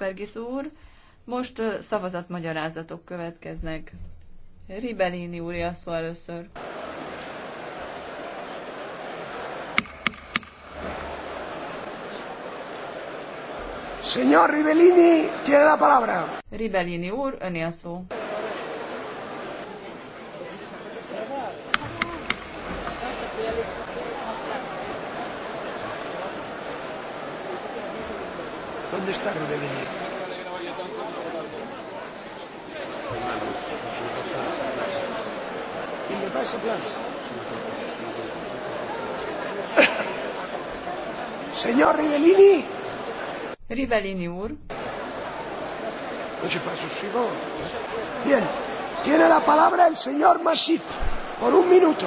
Pergis úr. Most szavazatmagyarázatok következnek. Ribelini úr a szó először. Señor Ribelini, tiene la palabra. Ribelini úr, öné a szó. ¿Dónde está Ribelini? Nice applause. Señor Rivellini. Rivellini úr. Bien. Tiene la palabra el señor Masip por un minuto.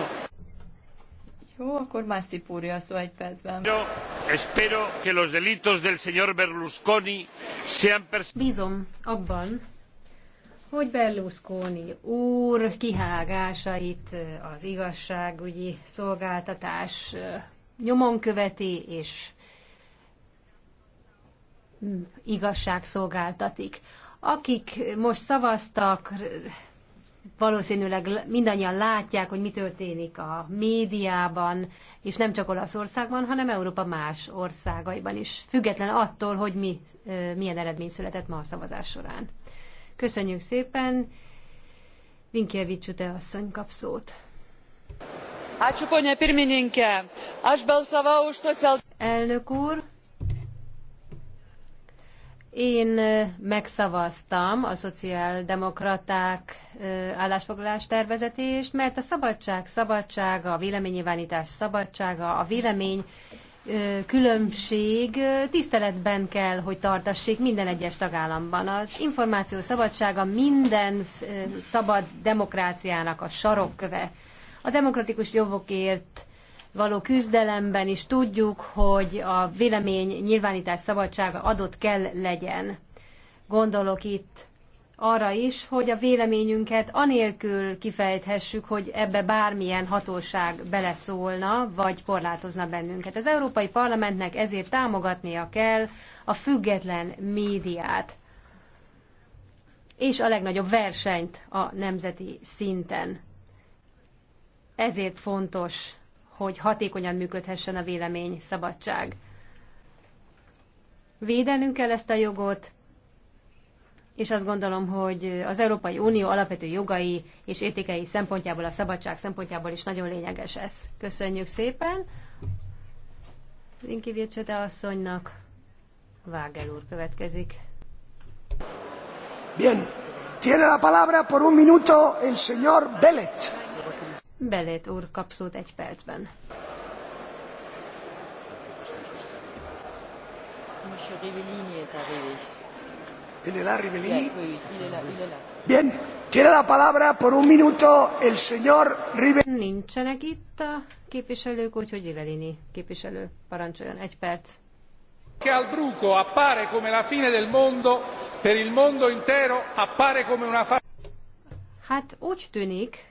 Jó, akkor Masip úr, a szó egy percben. Yo espero que los delitos del señor Berlusconi sean... Bízom abban, hogy Berlusconi úr kihágásait az igazságügyi szolgáltatás nyomon követi, és mm, igazságszolgáltatik. Akik most szavaztak, valószínűleg mindannyian látják, hogy mi történik a médiában, és nem csak Olaszországban, hanem Európa más országaiban is, független attól, hogy mi, milyen eredmény született ma a szavazás során. Köszönjük szépen. Vinkjevics Ute asszony kap szót. Elnök úr, én megszavaztam a szociáldemokraták állásfoglalás tervezetést, mert a szabadság szabadsága, a véleménynyilvánítás szabadsága, a vélemény különbség tiszteletben kell, hogy tartassék minden egyes tagállamban. Az információ szabadsága minden szabad demokráciának a sarokköve. A demokratikus jogokért való küzdelemben is tudjuk, hogy a vélemény nyilvánítás szabadsága adott kell legyen. Gondolok itt arra is, hogy a véleményünket anélkül kifejthessük, hogy ebbe bármilyen hatóság beleszólna, vagy korlátozna bennünket. Az Európai Parlamentnek ezért támogatnia kell a független médiát és a legnagyobb versenyt a nemzeti szinten. Ezért fontos, hogy hatékonyan működhessen a vélemény szabadság. Védenünk kell ezt a jogot, és azt gondolom, hogy az Európai Unió alapvető jogai és értékei szempontjából, a szabadság szempontjából is nagyon lényeges ez. Köszönjük szépen! Rinki Vircsete asszonynak Vágel úr következik. Bien. Tiene la palabra por un minuto el señor Belet. Belet úr kap szót egy percben. Monsieur Rivellini est arrivé. ¿El de la Rivellini? Bien, tiene la palabra por un minuto el señor Rivellini. Nincsenek itt a képviselők, úgyhogy Rivellini képviselő parancsoljon egy perc. Che al bruco appare come la fine del mondo, per il mondo intero appare come una fa... Hát úgy tűnik,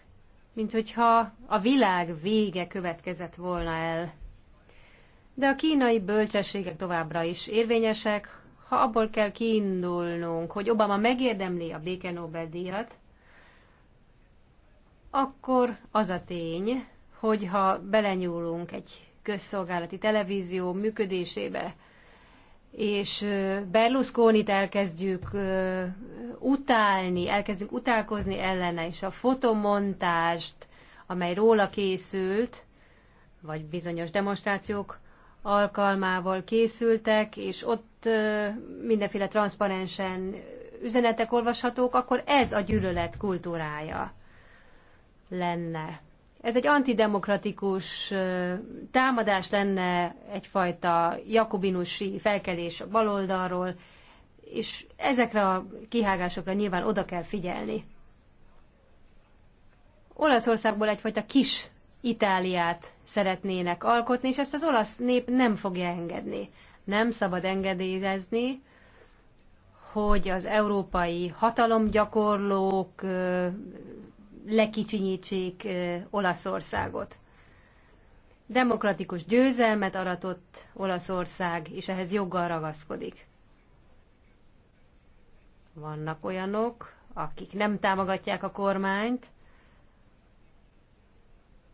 mint hogyha a világ vége következett volna el. De a kínai bölcsességek továbbra is érvényesek, ha abból kell kiindulnunk, hogy Obama megérdemli a béke Nobel-díjat, akkor az a tény, hogyha belenyúlunk egy közszolgálati televízió működésébe, és Berlusconit elkezdjük utálni, elkezdünk utálkozni ellene, és a fotomontást, amely róla készült, vagy bizonyos demonstrációk alkalmával készültek, és ott mindenféle transzparensen üzenetek olvashatók, akkor ez a gyűlölet kultúrája lenne. Ez egy antidemokratikus támadás lenne, egyfajta jakobinusi felkelés a baloldalról, és ezekre a kihágásokra nyilván oda kell figyelni. Olaszországból egyfajta kis Itáliát szeretnének alkotni, és ezt az olasz nép nem fogja engedni. Nem szabad engedélyezni, hogy az európai hatalomgyakorlók lekicsinyítsék Olaszországot. Demokratikus győzelmet aratott Olaszország, és ehhez joggal ragaszkodik. Vannak olyanok, akik nem támogatják a kormányt,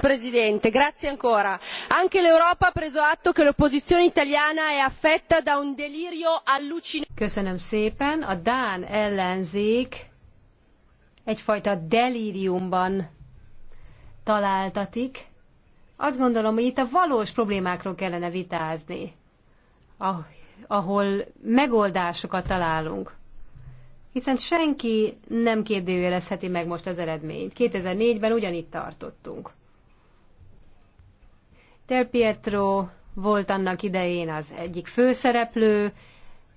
presidente anche l'europa ha preso atto che l'opposizione italiana è affetta da un delirio allucinante. köszönöm szépen a dán ellenzék egyfajta delíriumban találtatik. Azt gondolom, hogy itt a valós problémákról kellene vitázni, ahol megoldásokat találunk hiszen senki nem kérdőjelezheti meg most az eredményt. 2004-ben ugyanitt tartottunk. Del Pietro volt annak idején az egyik főszereplő,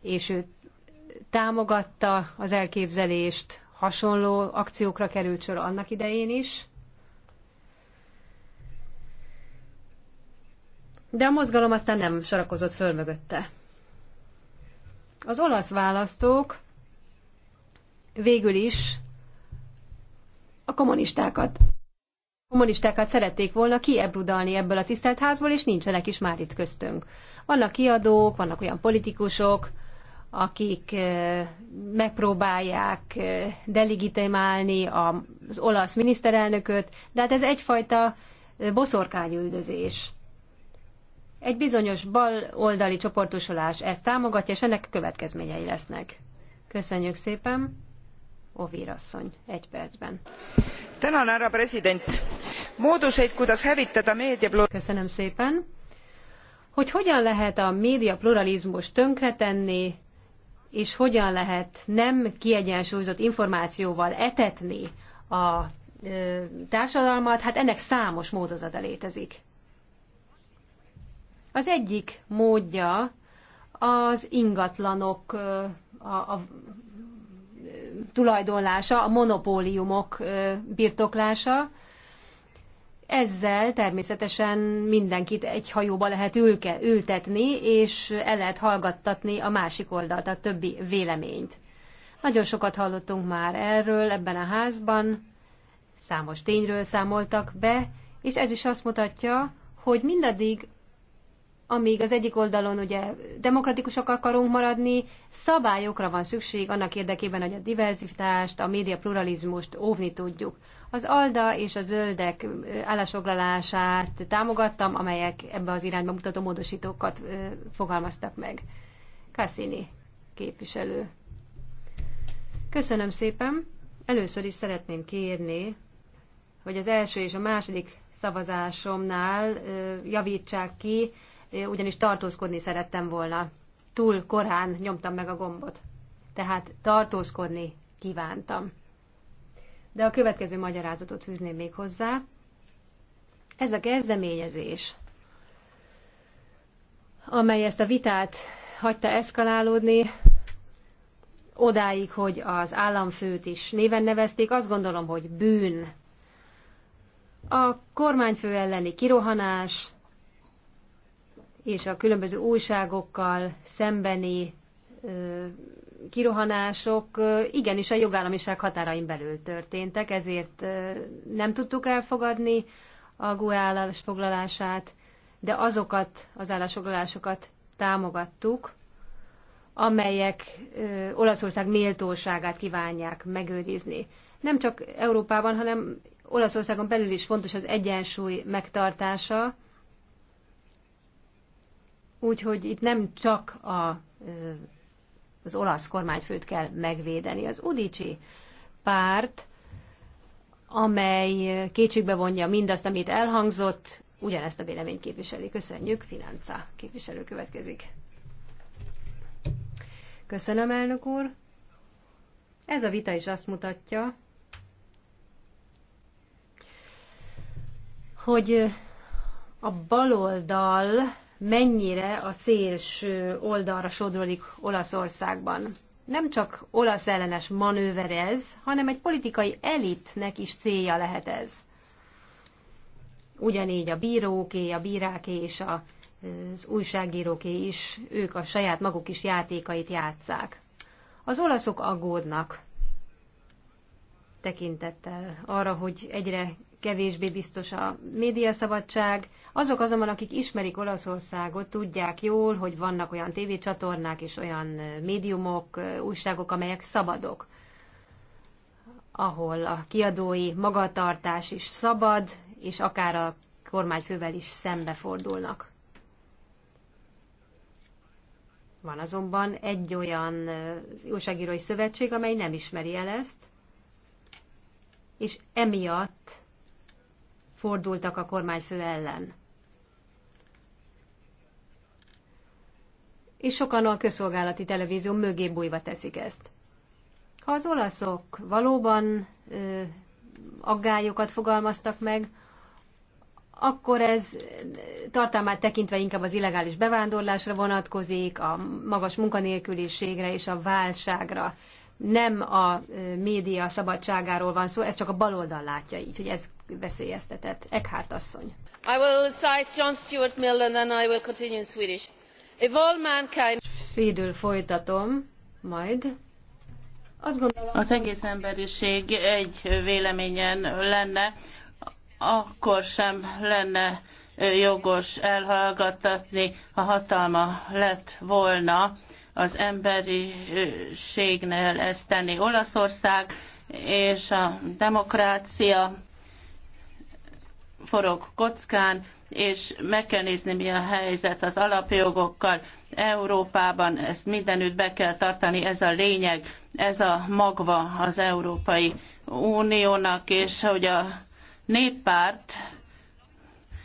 és ő támogatta az elképzelést, hasonló akciókra került sor annak idején is. De a mozgalom aztán nem sorakozott föl mögötte. Az olasz választók végül is a kommunistákat kommunistákat szerették volna kiebrudalni ebből a tisztelt házból, és nincsenek is már itt köztünk. Vannak kiadók, vannak olyan politikusok, akik eh, megpróbálják eh, delegitimálni az olasz miniszterelnököt, de hát ez egyfajta eh, boszorkányüldözés. Egy bizonyos bal oldali csoportosulás ezt támogatja, és ennek következményei lesznek. Köszönjük szépen! szépen! Hogy hogyan lehet a médiapluralizmust tönkretenni, és hogyan lehet nem kiegyensúlyozott információval etetni a társadalmat, hát ennek számos módozata létezik. Az egyik módja az ingatlanok, a, a tulajdonlása, a monopóliumok birtoklása. Ezzel természetesen mindenkit egy hajóba lehet ülke, ültetni, és el lehet hallgattatni a másik oldalt, a többi véleményt. Nagyon sokat hallottunk már erről ebben a házban, számos tényről számoltak be, és ez is azt mutatja, hogy mindaddig, amíg az egyik oldalon ugye demokratikusak akarunk maradni, szabályokra van szükség annak érdekében, hogy a diverzitást, a média pluralizmust óvni tudjuk. Az ALDA és a zöldek állásfoglalását támogattam, amelyek ebbe az irányba mutató módosítókat fogalmaztak meg. Cassini képviselő. Köszönöm szépen. Először is szeretném kérni, hogy az első és a második szavazásomnál javítsák ki ugyanis tartózkodni szerettem volna. Túl korán nyomtam meg a gombot. Tehát tartózkodni kívántam. De a következő magyarázatot fűzném még hozzá. Ez a kezdeményezés, amely ezt a vitát hagyta eszkalálódni, odáig, hogy az államfőt is néven nevezték, azt gondolom, hogy bűn. A kormányfő elleni kirohanás, és a különböző újságokkal szembeni kirohanások igenis a jogállamiság határain belül történtek, ezért nem tudtuk elfogadni a GUE állásfoglalását, de azokat az állásfoglalásokat támogattuk, amelyek Olaszország méltóságát kívánják megőrizni. Nem csak Európában, hanem Olaszországon belül is fontos az egyensúly megtartása, Úgyhogy itt nem csak a, az olasz kormányfőt kell megvédeni. Az Udici párt, amely kétségbe vonja mindazt, amit elhangzott, ugyanezt a véleményt képviseli. Köszönjük, Financa képviselő következik. Köszönöm, elnök úr. Ez a vita is azt mutatja, hogy a baloldal mennyire a szélső oldalra sodrodik Olaszországban. Nem csak olasz ellenes manőver ez, hanem egy politikai elitnek is célja lehet ez. Ugyanígy a bíróké, a bíráké és a, az újságíróké is, ők a saját maguk is játékait játszák. Az olaszok aggódnak tekintettel arra, hogy egyre kevésbé biztos a médiaszabadság. Azok azonban, akik ismerik Olaszországot, tudják jól, hogy vannak olyan tévécsatornák és olyan médiumok, újságok, amelyek szabadok ahol a kiadói magatartás is szabad, és akár a kormányfővel is szembefordulnak. Van azonban egy olyan újságírói szövetség, amely nem ismeri el ezt, és emiatt fordultak a kormányfő ellen. És sokan a közszolgálati televízió mögé bújva teszik ezt. Ha az olaszok valóban ö, aggályokat fogalmaztak meg, akkor ez tartalmát tekintve inkább az illegális bevándorlásra vonatkozik, a magas munkanélküliségre és a válságra nem a média szabadságáról van szó, ez csak a baloldal látja így, hogy ez veszélyeztetett. Eckhart asszony. I will cite John Stuart Mill and then I will continue in Swedish. If all mankind... Fédül folytatom, majd. Azt gondolom, az egész emberiség egy véleményen lenne, akkor sem lenne jogos elhallgattatni, ha hatalma lett volna az emberiségnél ezt tenni. Olaszország és a demokrácia forog kockán, és meg kell nézni, mi a helyzet az alapjogokkal. Európában ezt mindenütt be kell tartani, ez a lényeg, ez a magva az Európai Uniónak, és hogy a néppárt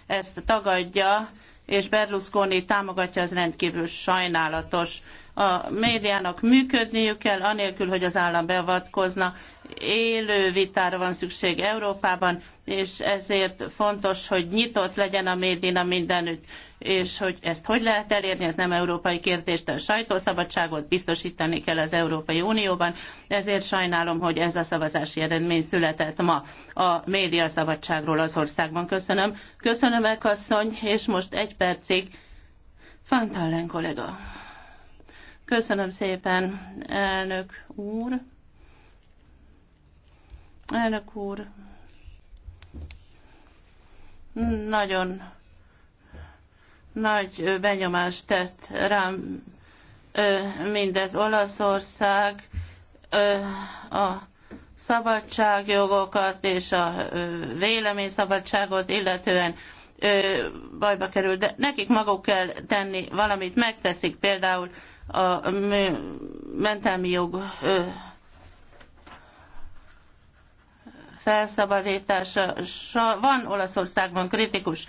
ezt tagadja, és Berlusconi támogatja, az rendkívül sajnálatos a médiának működniük kell, anélkül, hogy az állam beavatkozna. Élő vitára van szükség Európában, és ezért fontos, hogy nyitott legyen a média mindenütt, és hogy ezt hogy lehet elérni, ez nem európai kérdés, de a sajtószabadságot biztosítani kell az Európai Unióban, ezért sajnálom, hogy ez a szavazási eredmény született ma a média szabadságról az országban. Köszönöm. Köszönöm, Ekasszony, és most egy percig Fantallen kollega. Köszönöm szépen, elnök úr. Elnök úr, nagyon nagy benyomást tett rám mindez Olaszország, a szabadságjogokat és a véleményszabadságot illetően bajba került, de nekik maguk kell tenni valamit, megteszik például a mentelmi jog felszabadítása. Van Olaszországban kritikus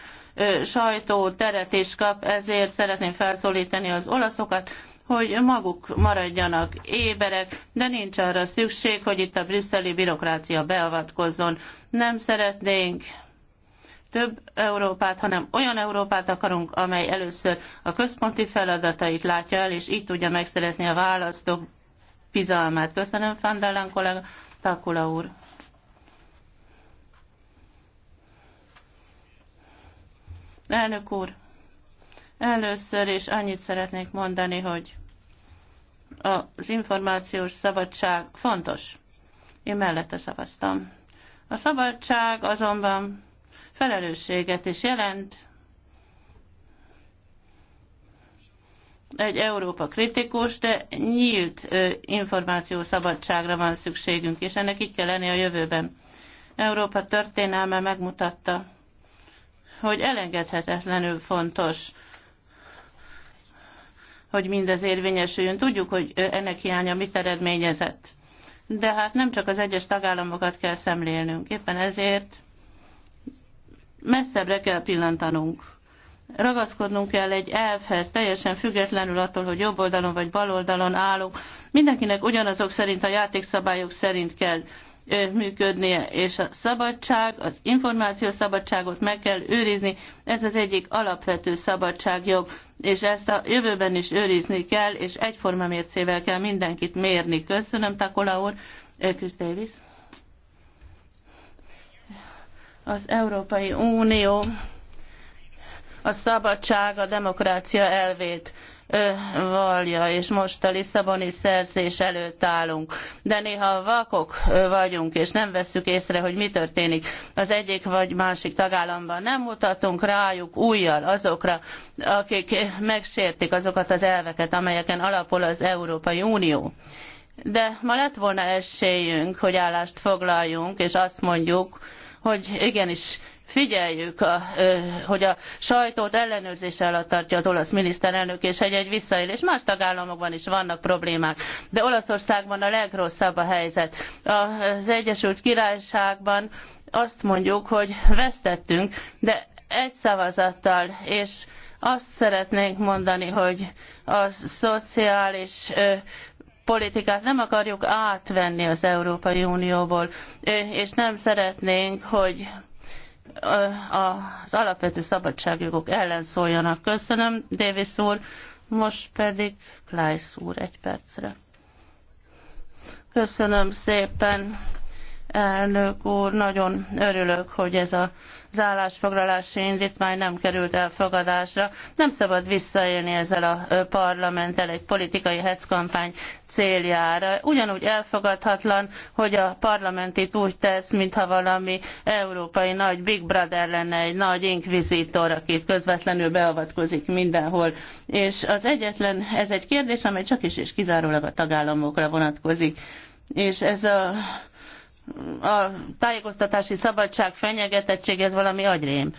sajtó teret is kap, ezért szeretném felszólítani az olaszokat, hogy maguk maradjanak éberek, de nincs arra szükség, hogy itt a brüsszeli bürokrácia beavatkozzon. Nem szeretnénk több Európát, hanem olyan Európát akarunk, amely először a központi feladatait látja el, és így tudja megszerezni a választók bizalmát. Köszönöm, Fandalán kollega, Takula úr. Elnök úr, először is annyit szeretnék mondani, hogy az információs szabadság fontos. Én mellette szavaztam. A szabadság azonban felelősséget is jelent. Egy Európa kritikus, de nyílt információszabadságra van szükségünk, és ennek így kell lenni a jövőben. Európa történelme megmutatta, hogy elengedhetetlenül fontos, hogy mindez érvényesüljön. Tudjuk, hogy ennek hiánya mit eredményezett. De hát nem csak az egyes tagállamokat kell szemlélnünk. Éppen ezért messzebbre kell pillantanunk. Ragaszkodnunk kell egy elvhez, teljesen függetlenül attól, hogy jobb oldalon vagy bal oldalon állunk. Mindenkinek ugyanazok szerint, a játékszabályok szerint kell működnie, és a szabadság, az információ szabadságot meg kell őrizni, ez az egyik alapvető szabadságjog, és ezt a jövőben is őrizni kell, és egyforma mércével kell mindenkit mérni. Köszönöm, Takola úr. Krisz Davis az Európai Unió a szabadság, a demokrácia elvét vallja, és most a Lisszaboni szerzés előtt állunk. De néha vakok vagyunk, és nem vesszük észre, hogy mi történik az egyik vagy másik tagállamban. Nem mutatunk rájuk újjal azokra, akik megsértik azokat az elveket, amelyeken alapul az Európai Unió. De ma lett volna esélyünk, hogy állást foglaljunk, és azt mondjuk, hogy igenis figyeljük, a, hogy a sajtót ellenőrzés alatt tartja az olasz miniszterelnök, és egy-egy visszaélés. Más tagállamokban is vannak problémák, de Olaszországban a legrosszabb a helyzet. Az Egyesült Királyságban azt mondjuk, hogy vesztettünk, de egy szavazattal, és azt szeretnénk mondani, hogy a szociális politikát nem akarjuk átvenni az Európai Unióból, és nem szeretnénk, hogy az alapvető szabadságjogok ellen szóljanak. Köszönöm, Davis úr. Most pedig Kleisz úr egy percre. Köszönöm szépen. Elnök úr, nagyon örülök, hogy ez a állásfoglalási indítvány nem került elfogadásra. Nem szabad visszaélni ezzel a parlamenttel egy politikai heckampány céljára. Ugyanúgy elfogadhatlan, hogy a parlament itt úgy tesz, mintha valami európai nagy Big Brother lenne, egy nagy inkvizítor, akit közvetlenül beavatkozik mindenhol. És az egyetlen, ez egy kérdés, amely csak is és kizárólag a tagállamokra vonatkozik. És ez a a tájékoztatási szabadság fenyegetettség, ez valami agyrém.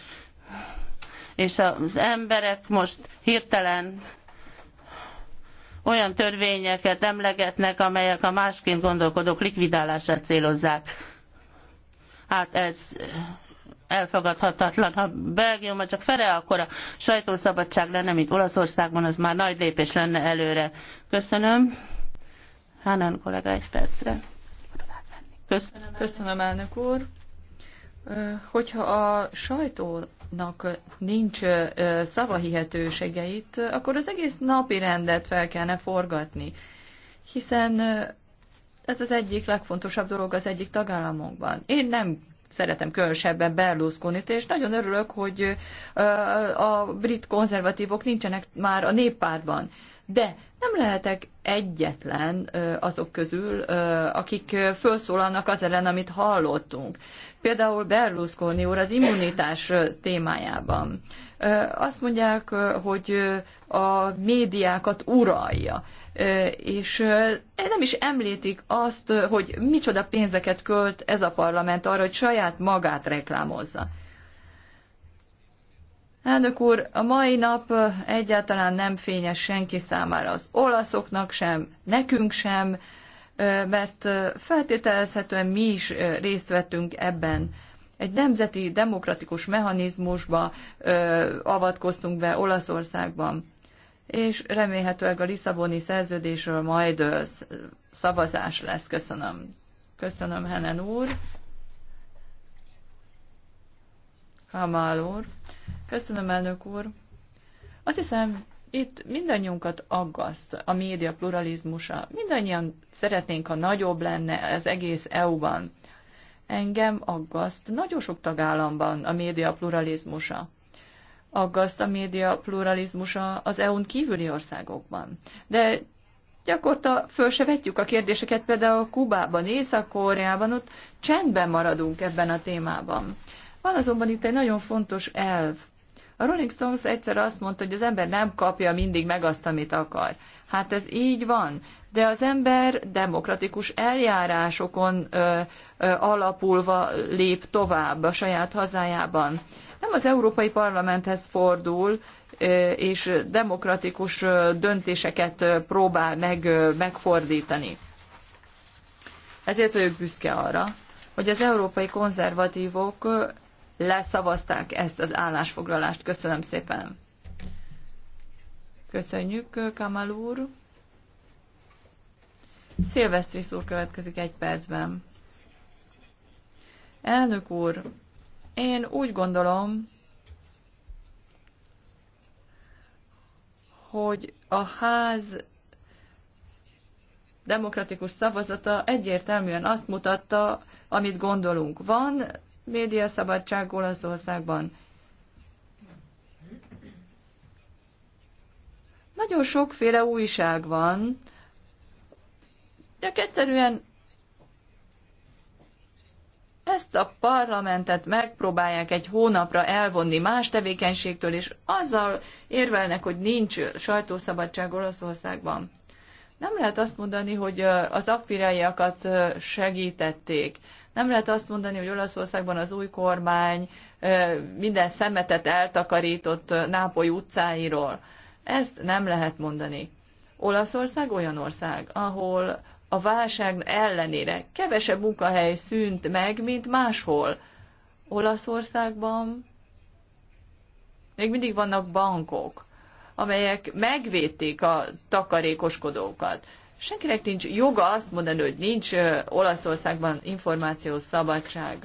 És az emberek most hirtelen olyan törvényeket emlegetnek, amelyek a másként gondolkodók likvidálását célozzák. Hát ez elfogadhatatlan. Ha Belgium csak fere, akkor a sajtószabadság lenne, mint Olaszországban, az már nagy lépés lenne előre. Köszönöm. Hánan kollega egy percre. Köszönöm, Köszönöm elnök úr. Hogyha a sajtónak nincs szavahihetősége itt, akkor az egész napi rendet fel kellene forgatni, hiszen ez az egyik legfontosabb dolog az egyik tagállamunkban. Én nem szeretem különösebben berlusconi és nagyon örülök, hogy a brit konzervatívok nincsenek már a néppártban. De nem lehetek egyetlen azok közül, akik felszólalnak az ellen, amit hallottunk. Például Berlusconi úr az immunitás témájában. Azt mondják, hogy a médiákat uralja és nem is említik azt, hogy micsoda pénzeket költ ez a parlament arra, hogy saját magát reklámozza. Elnök úr, a mai nap egyáltalán nem fényes senki számára, az olaszoknak sem, nekünk sem, mert feltételezhetően mi is részt vettünk ebben. Egy nemzeti demokratikus mechanizmusba avatkoztunk be Olaszországban, és remélhetőleg a Lisszaboni szerződésről majd szavazás lesz. Köszönöm. Köszönöm, Henen úr. Kamal úr. Köszönöm, elnök úr. Azt hiszem, itt mindannyiunkat aggaszt a média pluralizmusa. Mindannyian szeretnénk, ha nagyobb lenne az egész EU-ban. Engem aggaszt nagyon sok tagállamban a média pluralizmusa. Aggaszt a média pluralizmusa az EU-n kívüli országokban. De gyakorta föl se vetjük a kérdéseket, például Kubában, Észak-Koreában, ott csendben maradunk ebben a témában. Van azonban itt egy nagyon fontos elv. A Rolling Stones egyszer azt mondta, hogy az ember nem kapja mindig meg azt, amit akar. Hát ez így van, de az ember demokratikus eljárásokon ö, ö, alapulva lép tovább a saját hazájában. Nem az Európai Parlamenthez fordul, ö, és demokratikus ö, döntéseket ö, próbál meg ö, megfordítani. Ezért vagyok büszke arra, hogy az európai konzervatívok leszavazták ezt az állásfoglalást. Köszönöm szépen. Köszönjük, Kamal úr. Szilvesztris úr következik egy percben. Elnök úr, én úgy gondolom, hogy a ház demokratikus szavazata egyértelműen azt mutatta, amit gondolunk. Van médiaszabadság Olaszországban. Nagyon sokféle újság van, de egyszerűen ezt a parlamentet megpróbálják egy hónapra elvonni más tevékenységtől, és azzal érvelnek, hogy nincs sajtószabadság Olaszországban. Nem lehet azt mondani, hogy az akviráiakat segítették. Nem lehet azt mondani, hogy Olaszországban az új kormány minden szemetet eltakarított Nápoly utcáiról. Ezt nem lehet mondani. Olaszország olyan ország, ahol a válság ellenére kevesebb munkahely szűnt meg, mint máshol. Olaszországban még mindig vannak bankok, amelyek megvédték a takarékoskodókat senkinek nincs joga azt mondani, hogy nincs Olaszországban információs szabadság.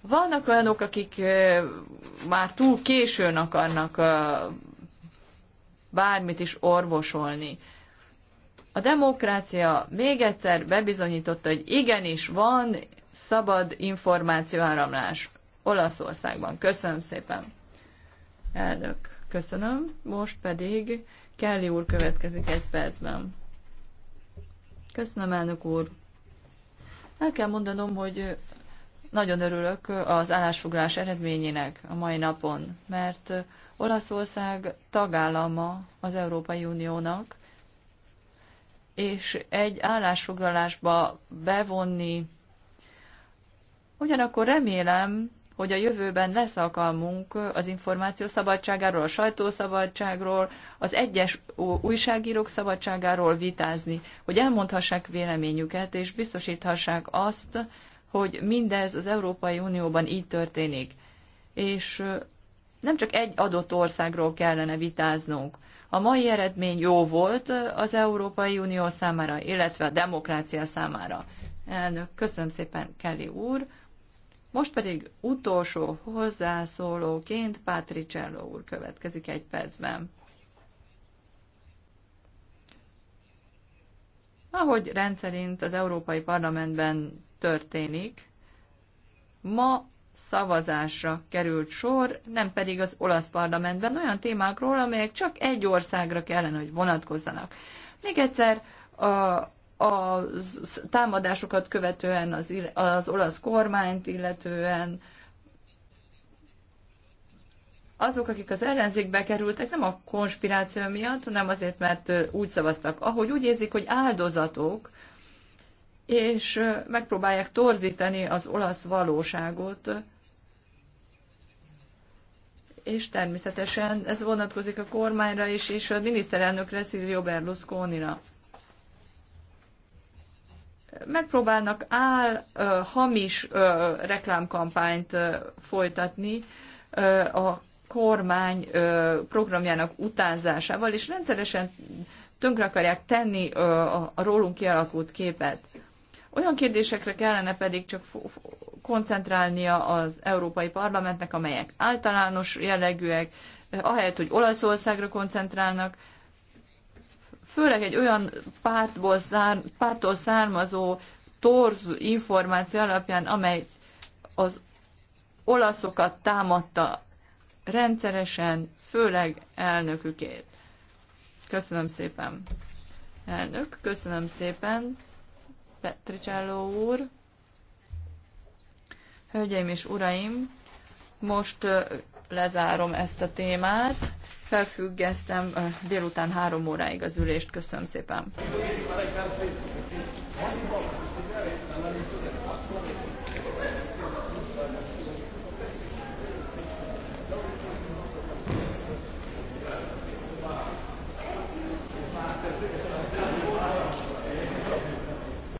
Vannak olyanok, akik már túl későn akarnak bármit is orvosolni. A demokrácia még egyszer bebizonyította, hogy igenis van szabad információáramlás Olaszországban. Köszönöm szépen! Elnök, köszönöm. Most pedig Kelly úr következik egy percben. Köszönöm, elnök úr. El kell mondanom, hogy nagyon örülök az állásfoglalás eredményének a mai napon, mert Olaszország tagállama az Európai Uniónak, és egy állásfoglalásba bevonni. Ugyanakkor remélem, hogy a jövőben lesz alkalmunk az információ szabadságáról, a sajtószabadságról, az egyes újságírók szabadságáról vitázni, hogy elmondhassák véleményüket, és biztosíthassák azt, hogy mindez az Európai Unióban így történik. És nem csak egy adott országról kellene vitáznunk. A mai eredmény jó volt az Európai Unió számára, illetve a demokrácia számára. Elnök, köszönöm szépen, Kelly úr. Most pedig utolsó hozzászólóként Patricello úr következik egy percben. Ahogy rendszerint az Európai Parlamentben történik, ma szavazásra került sor, nem pedig az olasz parlamentben olyan témákról, amelyek csak egy országra kellene, hogy vonatkozzanak. Még egyszer, a támadásokat követően az, az olasz kormányt, illetően azok, akik az ellenzékbe kerültek, nem a konspiráció miatt, hanem azért, mert úgy szavaztak, ahogy úgy érzik, hogy áldozatok, és megpróbálják torzítani az olasz valóságot, és természetesen ez vonatkozik a kormányra is, és a miniszterelnökre, Silvio Berlusconira megpróbálnak áll hamis reklámkampányt folytatni a kormány programjának utánzásával, és rendszeresen tönkre akarják tenni a rólunk kialakult képet. Olyan kérdésekre kellene pedig csak koncentrálnia az Európai Parlamentnek, amelyek általános jellegűek, eh, ahelyett, hogy Olaszországra koncentrálnak, főleg egy olyan pártból szár, pártól származó torz információ alapján, amely az olaszokat támadta rendszeresen, főleg elnökükét. Köszönöm szépen. Elnök, köszönöm szépen. Petricello úr. Hölgyeim és uraim, most lezárom ezt a témát. Felfüggesztem délután három óráig az ülést. Köszönöm szépen.